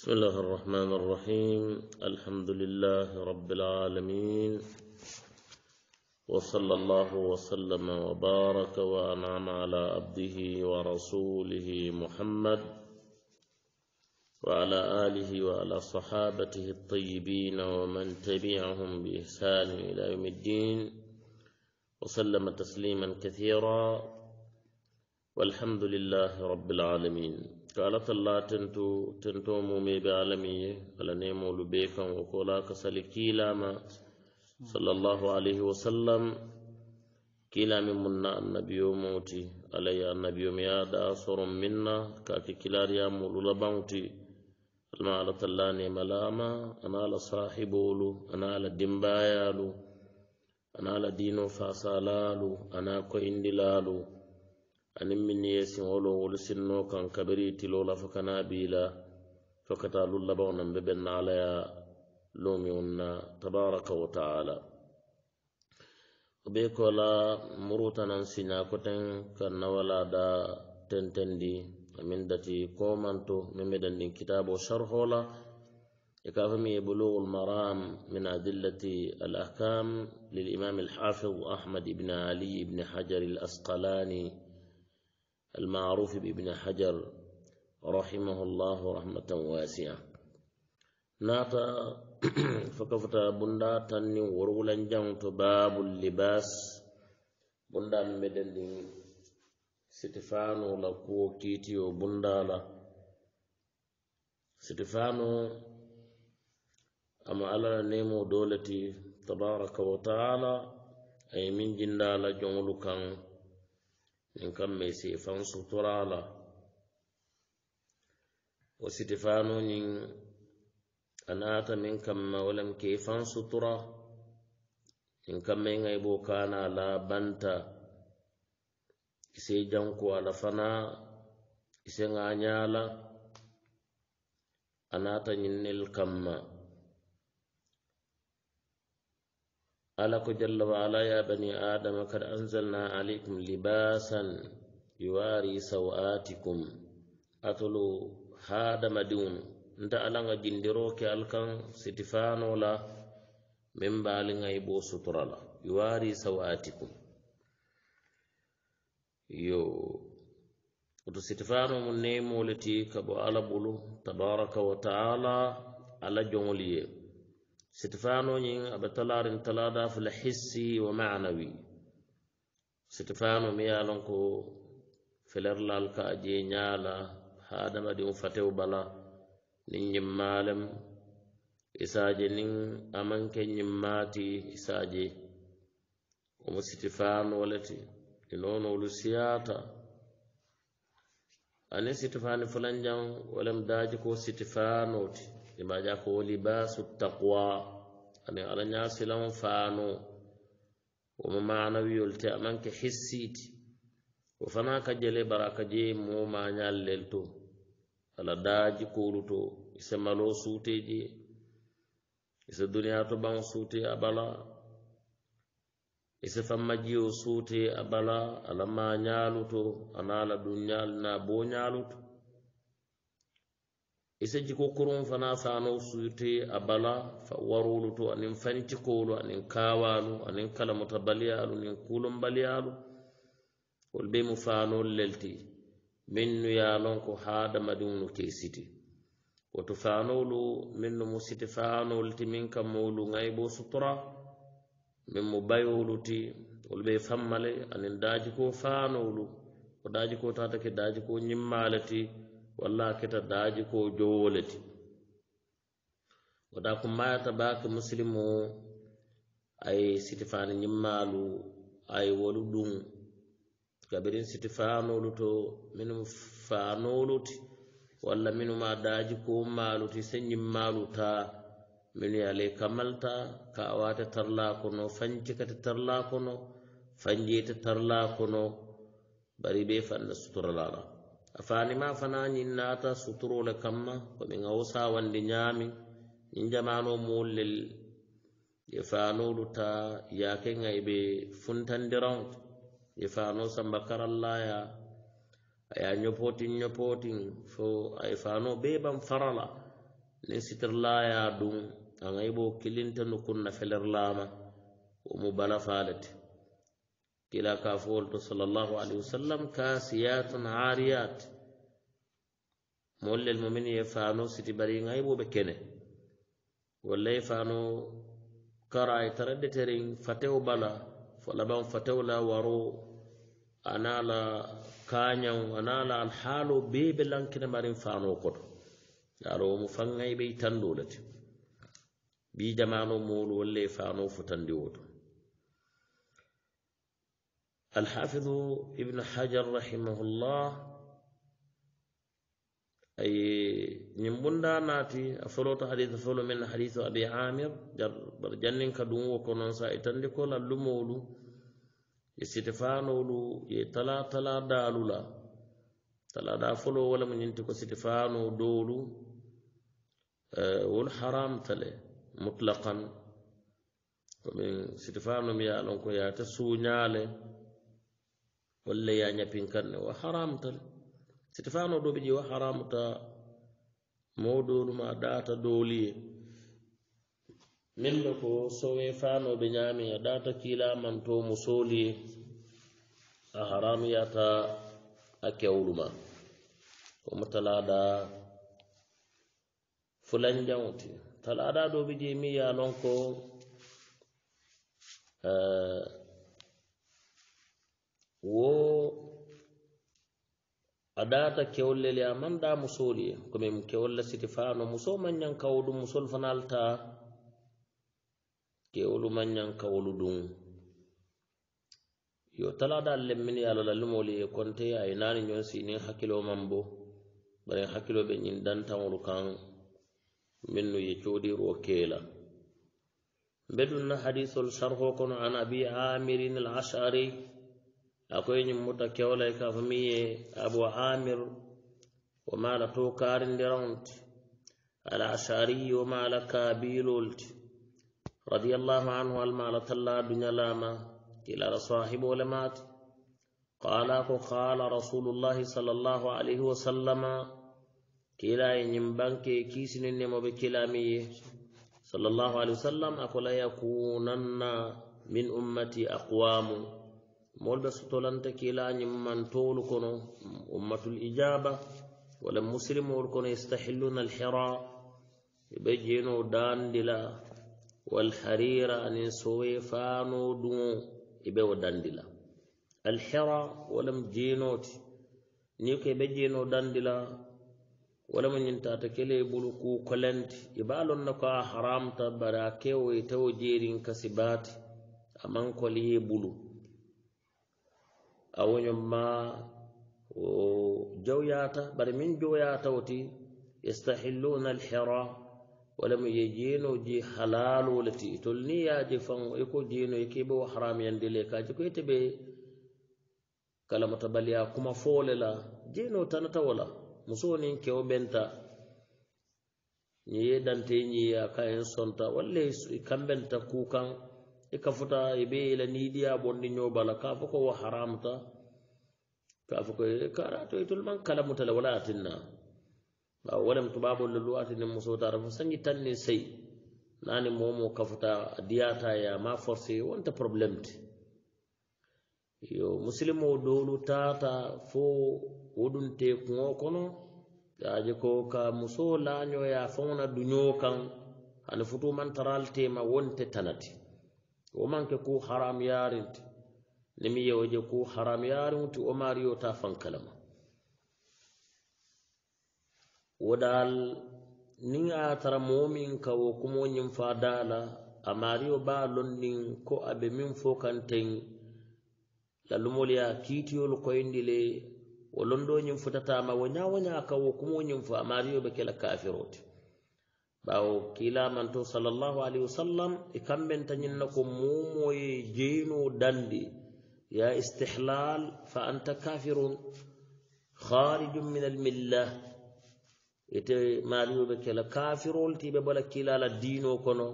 بسم الله الرحمن الرحيم الحمد لله رب العالمين وصلى الله وسلم وبارك وأنعم على عبده ورسوله محمد وعلى آله وعلى صحابته الطيبين ومن تبعهم بإحسان إلى يوم الدين وسلم تسليما كثيرا والحمد لله رب العالمين ka ala talla tento tento mume be alami ye ala nemolu be kan wo kola ka sali kilama sallallahu alaihi wa sallam kilami munna annabiyo moti ala ya annabiyo mi ya da soron minna ka ke kilari ya mulu labanti alma ala talla ne malama ana ala sahibolu ana ala dimbayalu ana ala dino fasalalu ana ko indilalu anin min ye siŋolo wolu sinno kaŋ kabiri tilo la fo kana bii la fo ka taa lul labaŋo naŋ be benna ala ya lumiŋ na tabaraka wa taala o be ko la muruta naŋ siña koteŋ kaŋ na wala da tentendi amin dati komanto meŋ be dandin kitabo sharho la i ka fo miŋ ye bulugul maram min adillati al ahkam lil imam al hafiz ahmad ibn ali ibn hajar al asqalani المعروف بابن حجر رحمه الله رحمة واسعة نات فكفت بندا تني ورولا جمت باب اللباس بندا مدل ستفانو لكو كيتيو بندا لا ستفانو أما على نيمو دولتي تبارك وتعالى أي من جندال جملو كان min kam mai sefan suturala wa sitifanu nin anata min kam ma walam ke fan sutura min kam mai ngai bo kana la banta sai jan ko ala fana sai ga nyala anata nin nil kamma alako jalla waala ya bani adama kad anzalna alaykum libasan yuwari sawatikum atolu hadama diwunu nta alanga jindiroke alkan sitifano la min baalinga i bo suturala yuwari sawatikum yo oto sitifano mun ne moleti kabo ala bulu tabaraka wa taala ala jongoliye siti fanoñin aɓe talarin talada fula hissi wa manawi siti fano mi yalon ko felerlal ka je ñala hadamadin fatew bala nin ñimmalem isaje nin amanke ñimmati isaje omo siti fanolete inonolu e siyata ani siti fani fulanjan walem daji ko siti fanote imaja ko libasu taqwa ani ala nya silam faanu wo ma maana wiyol te aman ke hissiiti wo fana ka jele baraka je mo mañal lel to ala daaji kolu to ise malo suuteji ise duniya to ban suute abala ise famma jiyo suute abala ala mañalu to ana ala duñal na bo ñalu to isaji e ko kurun fana sano suyute a bala fa warolu to anin fanci kolu anin kawalu anin kalamuta balyalu nin kulun balyalu wol be mu fano lelti min nu ya lon ko hadamadin nu ke siti wato fanolu min nu musiti fanolti min kan molu ngai bo sutura min mu bayolu ti wol be fammale anin daji ko fanolu o daji ko tata ke daji ko nyimmalati ti walla keta daaji ko jowo leti wada ko mayata baka muslimu ay sitifani nyimmalu ay wolu dum gabirin sitifano luto minu fano luti walla minu ma daaji ko maluti se nyimmalu ta minu yale kamalta ka awata tarla kono fanci kata tarla kono fanjeta tarla kono bari be fanna sutura lalaa afanima fana ñinnata suturole kamma komi awsa wandi ñaami ñin jamano mollel e fanolu ta yakenga e ɓe funtandiran e fano samba karallaya aya ñopotin ñopotin fo aye fano ɓe ban farala ni sitirlaya dum angayi bo kilintanu kunna felerlama omu bala falete kila kafowolto sallallahu alaihi wasallam kasiyatun ariyat mollel momin ye fano siti bari ngay bobe kene wallay fano kara ay e tarade terin fatew bala falaban fatew la waro anala kanyaw anala alhalo bebe lankene marin fano koto yaro mu fangay be tandolati bi jamano mol wallay fano futandi woto الحافظ ابن حجر رحمه الله أي نمبندا ناتي فلوت حديث فلو من حديث أبي عامر جر برجنن كدوم وكونون سايتن لكل اللمولو يستفانولو يتلا تلا دالولا تلا دا فلو ولا من ينتكو استفانو دولو أه والحرام تلي مطلقا ومن استفانو ميالون كو ياتسو نيالي walla ya ñapin kanne wa haramtal siti fano ɗo ɓe je wa haramuta mawɗoluma data doliye min no ko sowe fanoɓe ñami a data kilamanto musoliye a haram haramuyata a kewluma komo talada fulanjaŋoti talada do ɓe je mi ya lon ko uh, wo a data kewollele aman ɗa musoli e komin kewolla siti fano muso mañan kawolu musol fanalta kewolu mañan kawolu ɗum yo talada lemmini alalalumoli e konte ay e nani ñon sinin hakkilo man bo bare hakkilo ɓe ñin dantanwolu kan minnu ye coɗiro keela mbeɗum na hadisol sarho kono an abi amirin al ashari أكوين مدة كولا كافمية أبو عامر وما لتو كارن درونت على أشاري وما لك بيلولت رضي الله عنه والما لتلا الدنيا لاما إلى صاحب ولمات قال أكو خال رسول الله صلى الله عليه وسلم كلا ينبنك كيسن النمو بكلامي صلى الله عليه وسلم أكو لا يكونن من أمتي أقوامه molɓe sutolanta kilañim mantowolu kono ummatul ijaba walla muslimol kono yestahilluna alhira ɓe jeno dandila walharira anin sowe fano duo eɓe o dandila alhira walam jenoti ni ko eɓe jeno dandila walamo ñintata kele bulu kukolenti eɓa lonna ko a haramta bara kewo e tawo jerin kasibati amankoliye bulu awoñomma jawyata bare min jowyata woti yestahilluna alhira walamo ye jeenoji halalole ti tol ni yaaje fan eko jeeno e keɓe wo haram yande le kaji ko yeteɓe kalamata baliya kuma foole la jeeno tanata wala musonin kewo ɓenta ñiye dante ñiya ka en sonta walla e e kamɓenta kukan e kafuta e ɓe yela niɗiya bonɗi ñobala ka fo ko wo haramta kafo koy kara to itul man kala mutala wala atinna ba wala mutuba bol lu atinna muso tara fo sangi tanni sey nani momo kafuta diyata ya ma forse wonta problem ti yo muslimo dolu tata fo wodun te kuno kono yaje ko ka muso lanyo ya fauna dunyo kan an futu man taralte ma wonte tanati o manke ku haram yarinti lemi yewoje ku haram yarimuti wo mariyo ta fankalama wo dal nin a tara momin ka wo kumo ñin fa dala a mariyo ba lonnin ko abe min fo kanten lallumol ya kiitiyol koyndi le wo londo ñin futatama wo ñawoña ka wo kumo ñin fo a mariyo be kela kafirote ɓawo kilamanto sallllahu alayhi wa sallam e kamɓen tañinna ko momoye jeyno dandi يا استحلال فأنت كافر خارج من الملة ite maaliyo be kela kafirol ti be bala kilala diino kono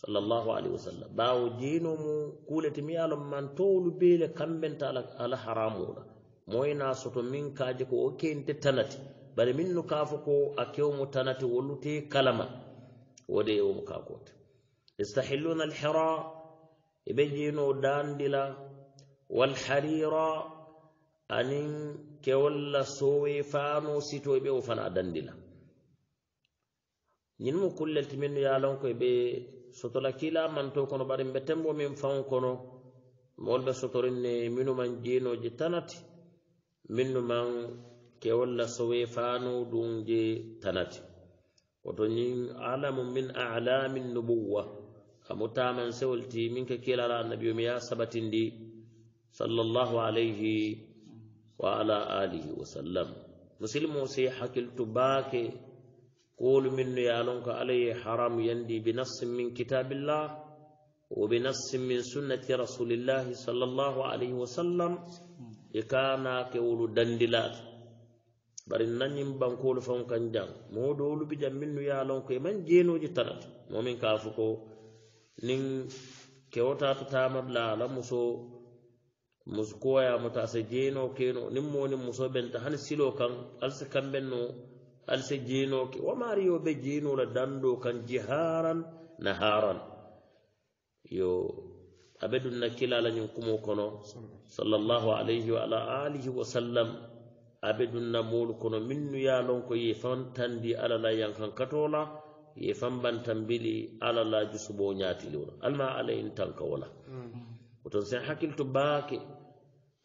sallallahu alaihi wasallam bawo diino mu kuleti mi yalon man towlu beele kambenta ala, ala haramula moyna soto min kaje ko o kente tanati bare min nu kafo ko a kewmo tanati wollute kalama wode e womo kakote yastahilluna alhira eɓe jeeno dandila walharira anin kewolla sowe faano sitoyɓe o fana a dandila ñin mo kullelti min no yalonko ɓe sotola kila manto kono ɓaɗa ɓe tembo min fan kono molɓe sotorinne minuman jinoje tanati minnuman kewolla sowe faano ɗum je tanati woto ñin alamu min alamin nubowa kamo taman sewolti min ke kilala annabiyo mi ya sabatindi صلى الله عليه وعلى آله وسلم مسلم سي حكل تباك قول من يالونك عليه حرام يندي بنص من كتاب الله وبنص من سنة رسول الله صلى الله عليه وسلم يكانا كول دندلات bari nanyin bankolu fan kan jan mo do lu bi jan minnu ya lon ko e man jeno ji tarat mo min ka fu ko nin ke wata ta ta mabla la muso muskoya mota se jeno keno nimmo ni muso benta han silo kan alse kambenno alse jeno ke o mari yo be jeno la dando kan jiharan naharan yo abedun nakila la nyum kumo kono sallallahu alayhi wa ala alihi wa sallam abedun namul kono minnu ya lon ko ye fan tandi ala la yan kan katola ye fan bantambili ala la jusubo nyati lona alma alayhi tan kawala mm -hmm. oton sen hakkilto baake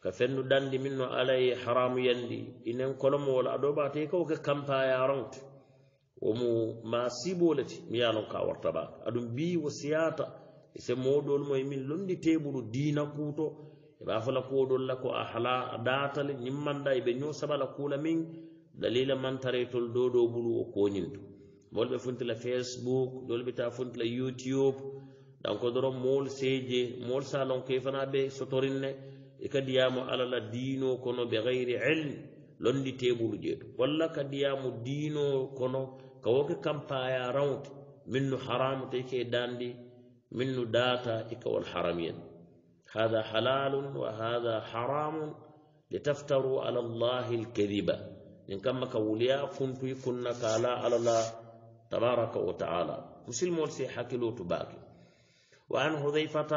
ka fennu dandi min no alaye haramu yandi inen kolomo wala aɗo ɓate e kaw ke campaya ronte womo ma siboleti mi yanon ka warta baake aɗum bi wo siyata ese moɗol mo e min londi teɓuru dina kuto e ɓa fola koɗol la ko a hala datale ñimmanda eɓe ño sabala kuula min dalila mantaretol dodo ɓulu o koñinto molɓe funtila facebook dolɓe ta funtila youtube donc doron mool seeje mool sa lon ke fana ɓe sotorin ne e ka diyamo ala la diino kono ɓe gayri elme londi teɓulu jeeɗo walla ka diyamo diino kono ka woke campaya rawte min no harame tawi ke dandi min no data e kawol haramien hada halalum wa hada haramum li taftaru ala llahi lkadiba min kamma ka wuliya funtuy kunna kala ala la tabaraka wa taala musilmol se hakkilo to baake وعن حذيفة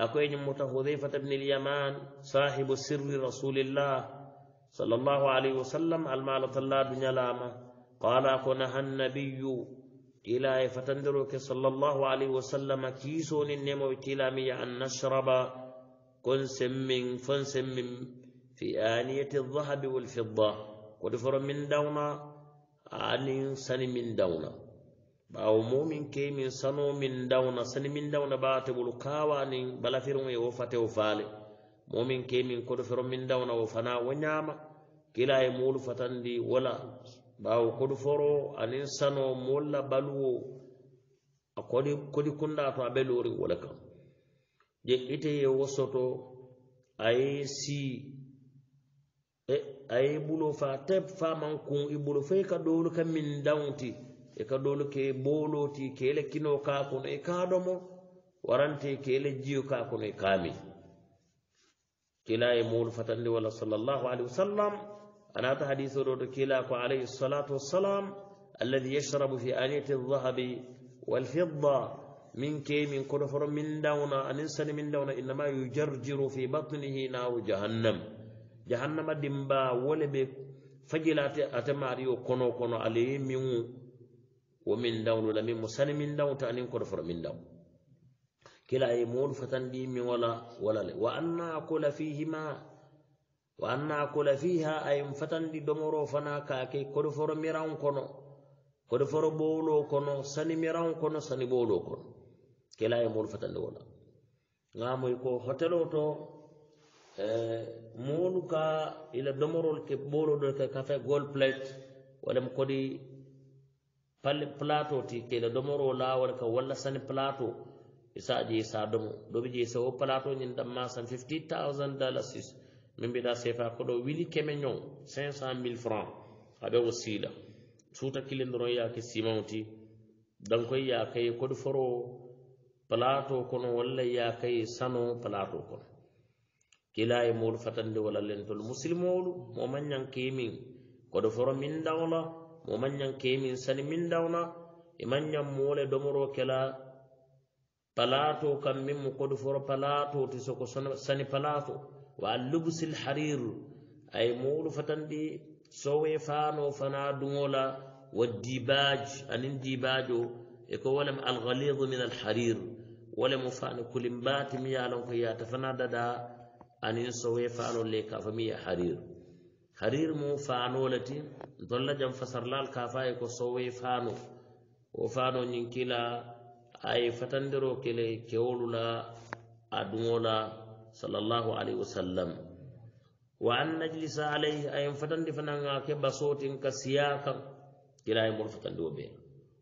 أكوين موت حذيفة بن اليمان صاحب سر رسول الله صلى الله عليه وسلم المالة الله بن لاما قال أكون النبي إلى فتندرك صلى الله عليه وسلم كيسون النمو التلامي أن نشرب كن من فن من في آنية الذهب والفضة قد فر من دونا عن سن من دونا ɓaawo momin ke min sano min dawna sani min dawna baate ɓolu kawanin balafirun e wo fate o faale momin ke min koɗo fero min dawna wo fana wo ñaama kila e moolu fatandi wala ɓaawo koɗo foro anin sano molla baluwo a koɗi koɗi kunda to a ɓe loori wala kam je ite ye wo soto aye si e aye ɓulo fa teb faman kun i ɓulo fo ye ka ɗowlu ka min dawti e ke bolo ti kele kino ka kono e warante kele jiyo ka kono e kami kila e mul fatandi wala sallallahu alaihi wasallam ta hadiso do to kila ko alaihi salatu wassalam alladhi yashrabu fi aniyati adh-dhahabi walfidda من كي من كرفر من دونا أن إنسان من دونا إنما يجرجر في بطنه نار جهنم جهنم دمبا ولب فجلات أتماريو كونو كونو عليه من womin dawlu la min mo sani min daw ta anin koto foro min daw kila ye moolu fatandi min wala wala le wa anna kola fihima wa anna kola fiha ayim fatandi domoro fana kake kodo foro miran kono kodo foro bowlo kono sani miran kono sani bowlo kono kila ye moolu fatandi wala ngamoy ko hotelo to e, moolu ka ila domorol ke bowlo do ke kafe gold plate walem kodi palle plateau ti kele domoro lawol ka walla sani plateau isa je sa domo do bi je sa o plateau nyin dam ma san 50000 dollars sis min bi da se fa ko do wili keme nyon 500000 francs abe o sila suta kilen do ya ke simon ti dan koy ya kay ko do foro plateau ko no walla ya kay sano plateau ko kila e mul fatande wala lentol muslimolu mo man nyan kemi ko do foro min dawla mo mannyan kemin sani min dawna e mannyan mole domoro kela palato kam min mo kodu foro palato ti soko sani palato wa lubsil harir ay mulu fatandi sowe fano fana dungola wa dibaj anin dibajo e ko walam al ghalid min al harir walam fano kulimbati mi yalon ko yata fana dada anin sowe fano le ka fami harir harir mu faano le ti ntolla jam fasarlal kafaye ko sowe faano wo faano ñinkila aye fatandiro kele kewolu la a duŋo la sallallahu alaihi wasallam wa an najlisa alayhi ayen fatandi fananga ke basotin ka siya kan kila ye mol fatandiwo be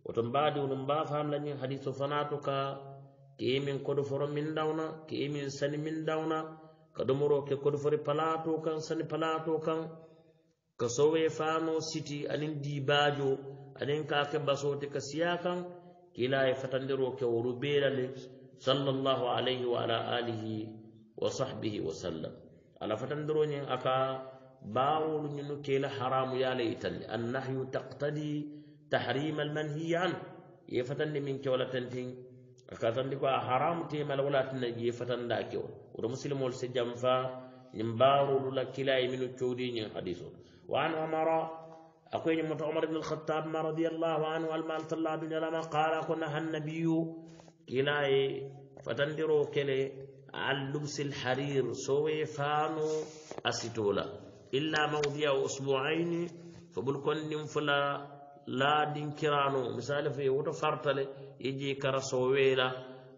woton baadiwunu mba faan la ñin hadiso fanato ka ke min kodoforo min dawna ke min sani min dawna ka domoro ke kodofori palato kan sani palato kan kasowe fano siti anin dibajo anin kake basote ka siya kan kila e fatandiro ke woru berale sallallahu alaihi wa ala alihi wa sahbihi wa sallam ala fatandiro nyen aka bawul nyunu kila haramu yale itan annahyu taqtadi tahrim almanhiy an ye fatandi min ke wala tantin aka tandi ko haram te mal wala tan ye fatanda ke wala wuro muslimol se jamfa nyimbaru lula kila e minu chodi nyen hadithu وعن عمر أقول مت عمر بن الخطاب ما رضي الله عنه المال طلاب بن لما قال كنا النبي كلاي فتندرو كلي عن لبس الحرير سوي فانو أسيتولا إلا موضع أسبوعين فبلكن فلا لا كرانو مثال في وتو فرتلي يجي كرا سويلا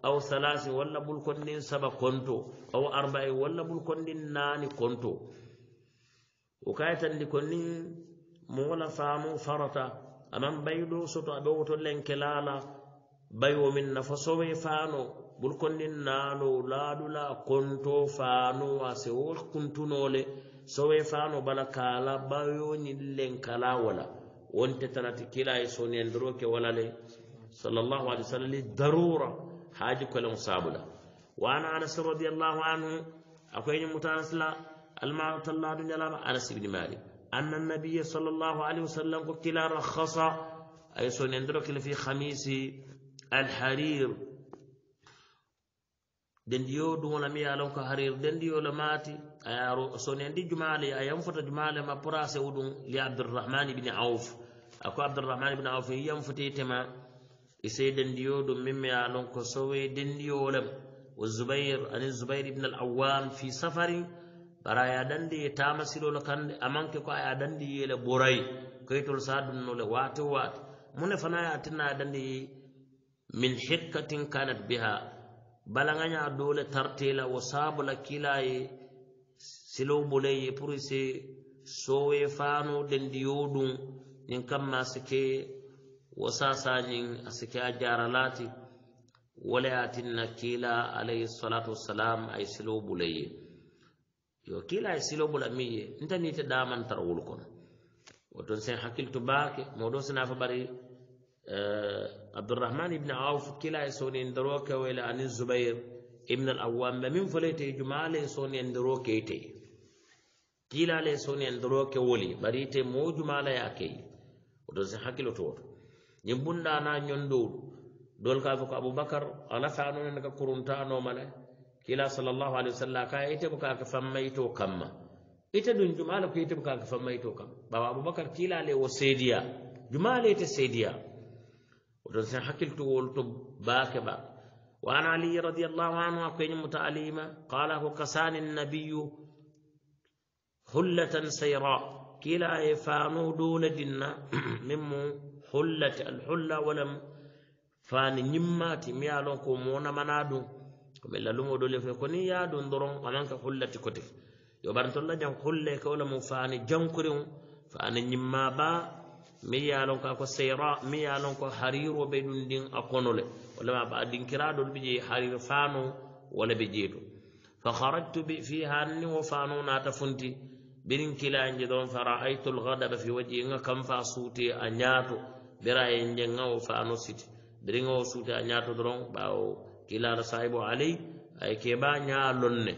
أو ثلاث ولا بلكن سبا كنتو أو أربع ولا بلكن ناني كنتو ukayitandi ko nin moola faamu farata aman bayido soto aɓe woto lenkelaala bayiwo min nafa sowe faano ɓurkondin naalo laadula konto faano ase wo kuntunole sowe faano bala kaala bayoñin lenkala wala wonte tanati kilaye soniyandiroke wala le sallallahu alaihi wasallam li darura haaji kolen saabula wana anas radiallahu anhu akoyñi mutanasla المعرة الله دنيا أنس بن مالك أن النبي صلى الله عليه وسلم قلت لا رخص أي سون يندرك في خميس الحرير dendiyo dumola mi ye a lon ko harir dendiyo le maati ayaro sonendi jumale ayan fota jumale ma porase o ɗum li abdourahmane ibine auf ako abdourahmane ibine auf yiyan foti tema ise dendiyo ɗum min mi a lon ko sowe dendiyo lem wo zoubair ani zoubair ibine al awam fi safarin bara e a yadandi ye taamasilole kande amanke ko a yadandi yele borayi koyitol sa dum nole waate waate mune fana ye atinna yadandi ye min hikkatin kanat biha balaŋaya dole tartela wo sabola kila ye silow bole ye pour se sowe fano dendiyo dum nin kamma sike wo sasañin a sike a jaralati wole atinna kila alayhi salatu wassalam ay silow bole ye yo kila ye silo bula mi ye nta niite daman tara wolu kono wo ton sen hakkilto baake moɗo sina fa bari uh, eh, abdourahman ibni auf kila ye soni en daro kewele ani zoubair ibn al awam ɓe min folete e jumale e soni en daro keyte e kilale soni en daro kewoli bari te mo jumala ya keyi wo ton sen hakkilo toto yimbunɗana ñondowɗu dol ka fo ko aboubacar a nafanoneneka kuruntanomane kila sallallahu alaihi wasallam ka ite buka ka fammaito kamma ita dun jumala ko ite buka ka fammaito kam baba abubakar kila le wo sediya jumala ite sediya ودون سن حكيلتو ولتو باك باك وعن علي رضي الله عنه كين متعليما قال هو كسان النبي حلة سيراء كلا يفانو دون دنا ممو حلة الحلة ولم فان نماتي ميالون كومونا منادو koɓe lalumoɗole fe koni yaadum doron ananka hollati kote yo ɓarantolla jam holle kawla mum faani jankorin faani ñimma ba mi yalon ka ko seyra mi yalon ko hariro ɓe ɗum ɗin a konole walla ma ɓa ɗinkiraɗol ɓe jeei harir faano walla ɓe jeeto fa haradtu ɓe fi hanni o faano naata funti birin kilanje ɗon fa raaytu lgadaba fi waji ga kam fa suute a ñaato ɓira e jenga o faano siti birigao suute a ñaato doron ɓawo kilara sahibo ali ay keɓa ñalonne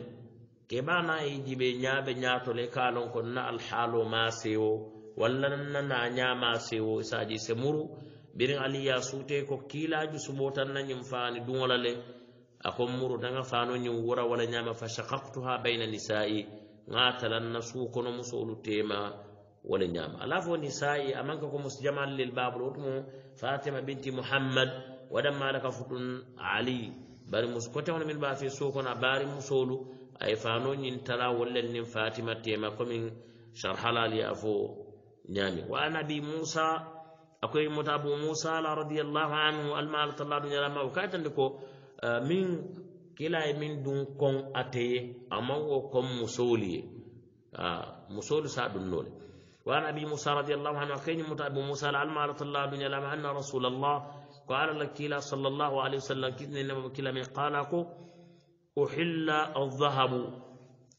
keɓa na i e jibe ñaɓe ñatole kalon ko na alhalo masewo walla nanna ña masewo isaji e semuru birin aliya sute ko kilaju subo tan na ñim fani duŋolale akon muru naga fano ñim wura wala ñama fa shakaktu ha baina nisai ŋa talanna sukono musolu tema wala ñama ala fo nisai amanka ko mus jamal lel babul otumo fatima binti muhammad ودم مالك فتن علي باري مسكوتة من بافي سوكنا باري مسولو أي فانو ينتلا ولا فاتمة تيما كمين شرح لي أفو نامي وأنا بي موسى أكوي متابو موسى رضي الله عنه المال تلا دنيا لما وكايتا لكو آه، من كلا من دون كون أتي أمو كون مسولي آه، مسولي سعد نولي وأنا بي موسى رضي الله عنه أكوي متابو موسى العلم على الله دنيا لما ان رسول الله قال لك كلا صلى الله عليه وسلم كذن لما بكلا من قالك أحل الذهب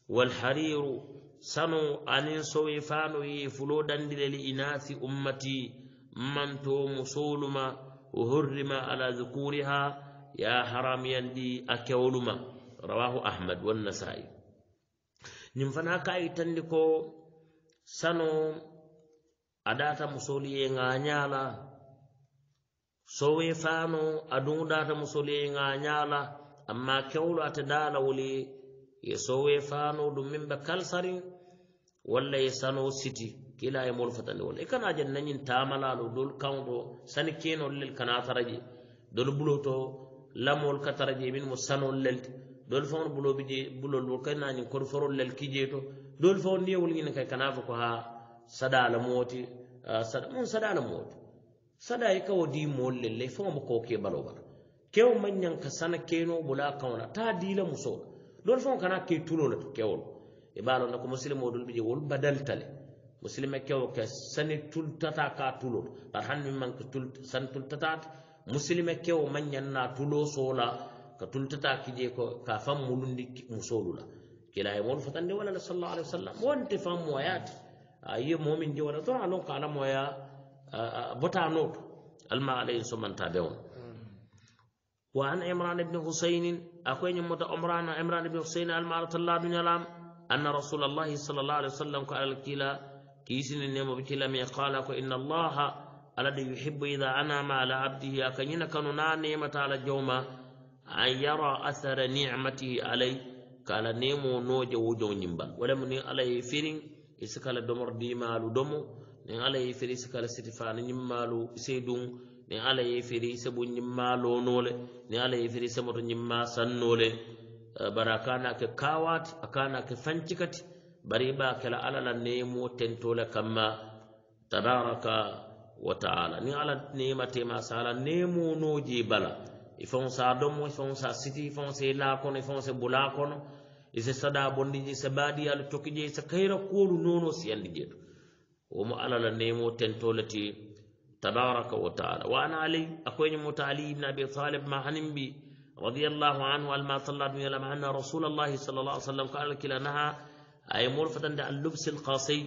والحرير سنو أن ينسو يفانو يفلودا للإناث أمتي من توم صولما وهرما على ذكورها يا حرام يندي أكولما رواه أحمد والنسائي نمفنا كاي تندكو سنو أداة مصولي ينغانيالا sowe fano adungudata musoli nga nyala amma kewlo atadala woli ye sowe fano dum mimbe kalsarin walla ye sano siti kila e mol fatani wala e ikana jan nanyin tamalalo dol kawdo sani keno lel kana taraje dol buloto lamol kataraje min mo sano lel dol fon bulo bije bulo lol kana nyin kor foro lel kijeto dol fon ni wol ngin kay kana ko ha sadala moti sada mun sadala moti sada i kawo di moolu lelle i fomama kowo ke baloo bala kewo maŋ ñaŋ ka sana kenoo bula a kaŋo la taa dii la musoo la doolu faŋo kana ke tuloo le to kewolu i e be a loŋ na ko musilimo dulu bi je wolu badalita le musilime kewo ke sani tultata ka tuloo to bari haŋ miŋ maŋ sani tultata ti musilime kewo maŋ ñaŋ na tuloo soo la ka tultata ki je ko ka faŋ mulundi musoolu la kila ye moolu fatandi wala le sallallahu alaihi wa sallam wonte faŋ mooyaa ti a ye moo miŋ je wala toraŋ a loŋ ko ala mooyaa بوتا نوت الما عليه سمن تابعون وعن عمران بن حسين أخوين متى عمران عمران بن حسين المعرة الله بن لام أن رسول الله صلى الله عليه وسلم قال الكلا كيسن النيم بكلا مي قال إن الله الذي يحب إذا أنعم على عبده أكنين كننا نعمة على جوما أن يرى أثر نعمته عليه قال نيمو نوجه وجو نيمبا ولم عليه فيرين إسكال دمر ديما لدمو nin ala ye feri sikala sitifani ñimmalo seydun nin ala ye feri sabu ñimmalo nole nin ala ye feri samoto ñimma sannole eh, bari a kana ke kawati a kana ke fancikati bari i ba kela ala la nemo tentole kamma tabaraka wa taala nin ala nema tema sala nemo noje bala i fon sa domo i fon sa siti i fon se lakono i fon se bulakono i se sada bondiji se badiyalo tokijei se kayra kolu nono siyandijeto ومو على النيمو تنتولتي تبارك وتعالى وانا علي اكوين موت علي بن ابي طالب ما هنمبي رضي الله عنه الما صلى الله عليه ان رسول الله صلى الله عليه وسلم قال كلا نهى اي مرفة عند اللبس القاسي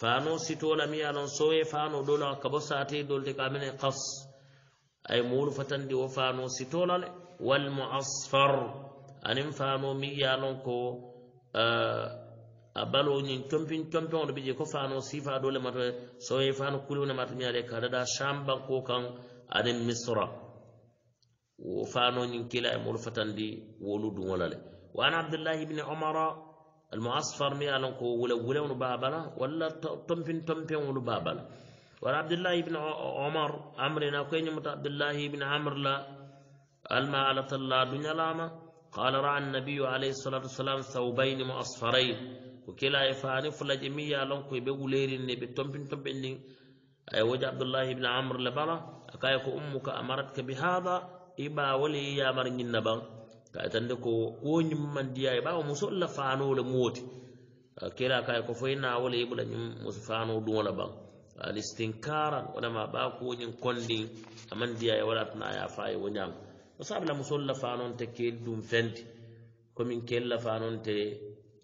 فانو ستولا ميالون سوي فانو دولا كبساتي دولتي من قص اي مرفة عند وفانو ستولا والمعصفر أنم فانو ميالون كو آه a balo ñin compin compiŋono bi je ko faano sifa dole mata soye faano kuliwone mata ñaale ka dada sambanko kan anin misra wo faano ñin kila e molu fatandi wolu duŋola le wa an abdullahi ibni omara almuasfar mi ye a lon ko wule wulewnu baabala walla tompin tompiŋolu baabala وعن عبد الله بن عمر عمرنا كين مت عبد الله بن عمر لا الما على الله دنيا لاما قال رأى النبي عليه الصلاة والسلام ثوبين مؤصفرين ko kila e faani fulaje mi yalon koye ɓe wulerin ni ɓe tompin tomɓen ndin aya woji abdoullahi ibne amre le bala akaye ko ummuka amarat ka bi hada i ɓawole yiyamar ñinna ɓan kaye tande ko koñimmandiya e ɓawa musolla fanole mooti kela kaye ko foye nawole yiɓula ñum fano ɗuwola ɓan alistinkaran waɗama ɓa koñin konɗin amandiya e waɗa tana ya fa e woñango o sabla musolla fanon te kel ɗum fendi komin kella fanon te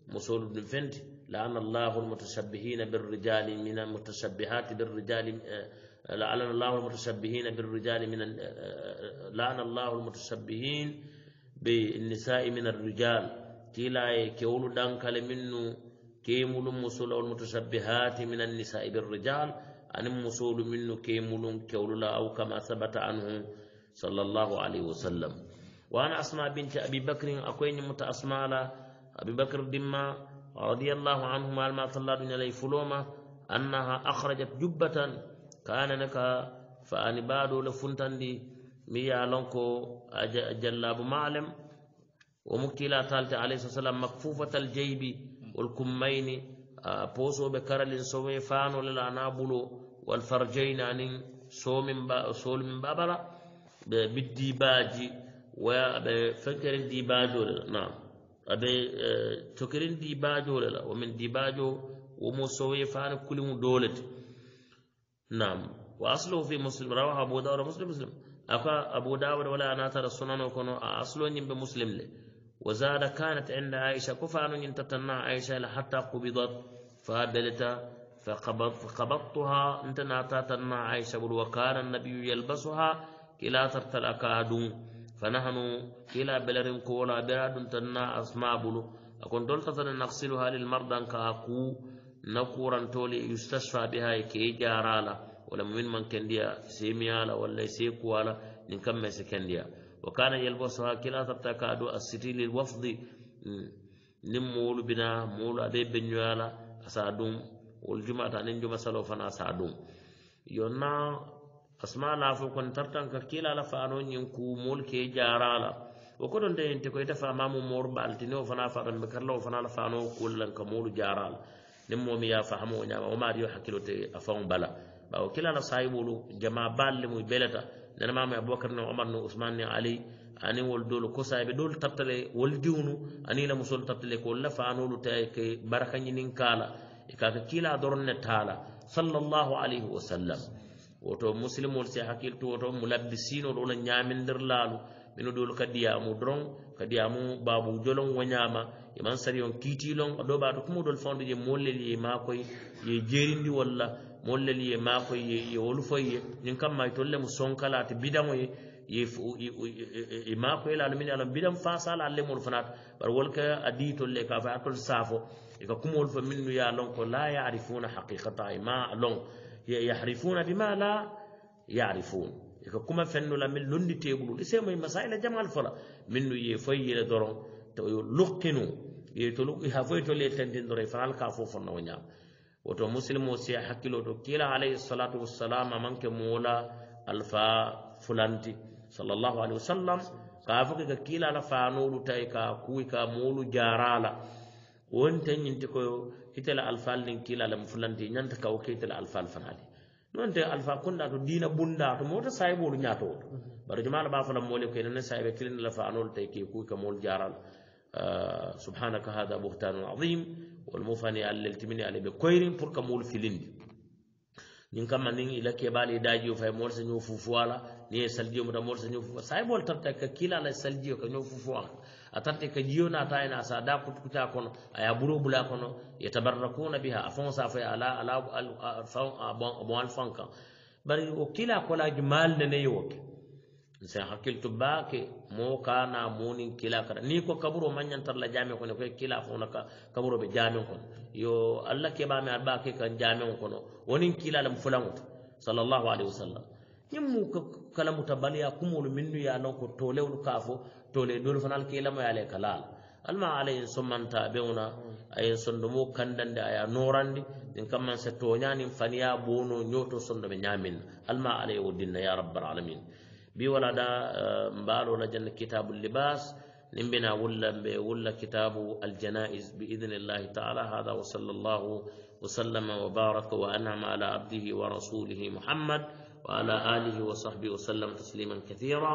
مسعود بن فنت لعن الله المتشبهين بالرجال من المتشبهات بالرجال آه، لعن الله المتشبهين بالرجال من آه، آه، لعن الله المتشبهين بالنساء من الرجال تيلا كيولو دانكال منو كيمولو مسول المتشبهات من النساء بالرجال أن مسول منو كيمولو كيولو لا أو كما ثبت عنه صلى الله عليه وسلم وأنا أسمع بنت أبي بكر أكوين متأسمع أبي بكر الدماء رضي الله عنهما ما صلى بن علي فلوما أنها أخرجت جبة كان لك فأني بادو لفنتن دي ميا لنكو جلاب معلم ومكتلا تالت عليه الصلاة والسلام مكفوفة الجيب والكمين آه، بوسو بكرل سومي فانو للأنابلو والفرجين عن سوم سول من بابرا بالديباجي وفكر الديباج نعم أبي تكرين ديباجو للا ومن ديباجو وموسوي فان كل دولة نعم وأصله في مسلم رواه أبو داود مسلم مسلم أخا أبو داود ولا أنا ترى السنن وكنوا أصله نجيب مسلم له وزاد كانت عند عائشة كفان ينتتنع عائشة لحتى قبضت فهدلت فقبض فقبضتها انت ناتتنع عائشة وكان النبي يلبسها كلا ترتلك أدون fanahanu kila belarin kuwona bera dun tanna asma bulu akon dol tasana naksilu halil mardan ka ku na kuran toli yustashfa biha ke jarala wala mumin man kendiya semiyala wala se kuwala nin kamme se kendiya wa kana yalbasu ha kila tatta ka do asitili wafdi nin mulu bina mulu abe benyala asadum wal jumata nin juma salo fana asadum yonna asma lafo kon tartanka kila la fano ñin ku mol ke jarala wo ko ɗon dayente ko ita fama mu mor baltini o fana faɗanɓe karla o fana la fano kullan ka molu jarala nin momi ya fahamo o ñama o mariyo hakkilo te a fan bala ɓawo kila la sayiɓolu jama balle mu belata nanamamu aboubacar ni omar ni ousmane ni ali ani wol dolu ko saaɓe dolu tartale wol diwnu ani la musolu tartale ko wolla fanolu ta ke baraka ñinin kala e kaka kila doron ne taala sallallahu alayhi wa sallam woto musilimol si hakkil to woto mulabbisinol wola ñamindir laalu min ɗol kadiyamu doron kadiyamu babu jolon wo ñama iman e sarion kiitilon aɗo ɓaɗo kumoɗol fawde je mollel ye makoye ye jerindi walla mollel ye makoye ye wolufoye min kamma tolle mo sonkalate bidamoye e makoye laalu min e alon bidam fasala allemol fanata bar wolka adi tolle ka fa hakkol safo eka kumol fo min nu ya lon ko la yarifuna haqiqata e ma alon يحرفون بما لا يعرفون كما فن من نن تيغل اسم مسائل جمع الفرا من يفي درون لقنوا يتلو يحفوا يتلو يتندن درون فعل كافو فنونيا وتو مسلم وسيا حكي لو كيل عليه الصلاه والسلام من كمولا الفا فلانتي صلى الله عليه وسلم كافك كيل على فانو تايكا كويكا مولو جارالا وانت نينتكو itela alfal nin kila lam fulanti ñanta kawo ke itela alfal fanali nonte alfa kunda to dina bunda to mota sayibolu ñato bari jumala ba fana mole ko enen sayibe kilin la fa anol tay ke ku ka mol jaral subhanaka hada buhtanun azim wal mufani alliltimini ala be koyrin pour ka mol filindi ñin kamma nin ila keɓali daji fay mol sa ñoo fufuwala ni e saldio muta mol sa ñoo fufuwa sayibol tarta ka kila la saldio ka ñoo fufuwala atante ka na ta ina da kutkuta kono aya buru bula kono yatabarrakuna biha afonsa fa ala ala bon alfanka bari o kila kola jumal ne ne yoke sai hakil ke mo kana munin kila kada ni ko kaburo manyan tarla jami kone, ko kila fona ka kaburo be jami kono yo allah ke ba me arba ke kan jami kono wonin kila lam fulanut sallallahu alaihi wasallam nyimmu kalamu tabaliya kumul minnu ya lon ko tolewu kafo tole dole fanal ke lama yale kalal alma alay sumanta beuna ayin sondomo kandande aya norandi ɗin kamman sa toñanin faniya bono nyoto ñoto be nyamin alma alay woddinna ya rabbal alamin bi walada mbalo na jan kitabul libas nin bena wulla mbe wulla kitabu aljanais bi idnillahi taala hada wa sall llahu وسلم وبارك وأنعم على عبده ورسوله محمد وعلى آله وصحبه وسلم تسليما كثيرا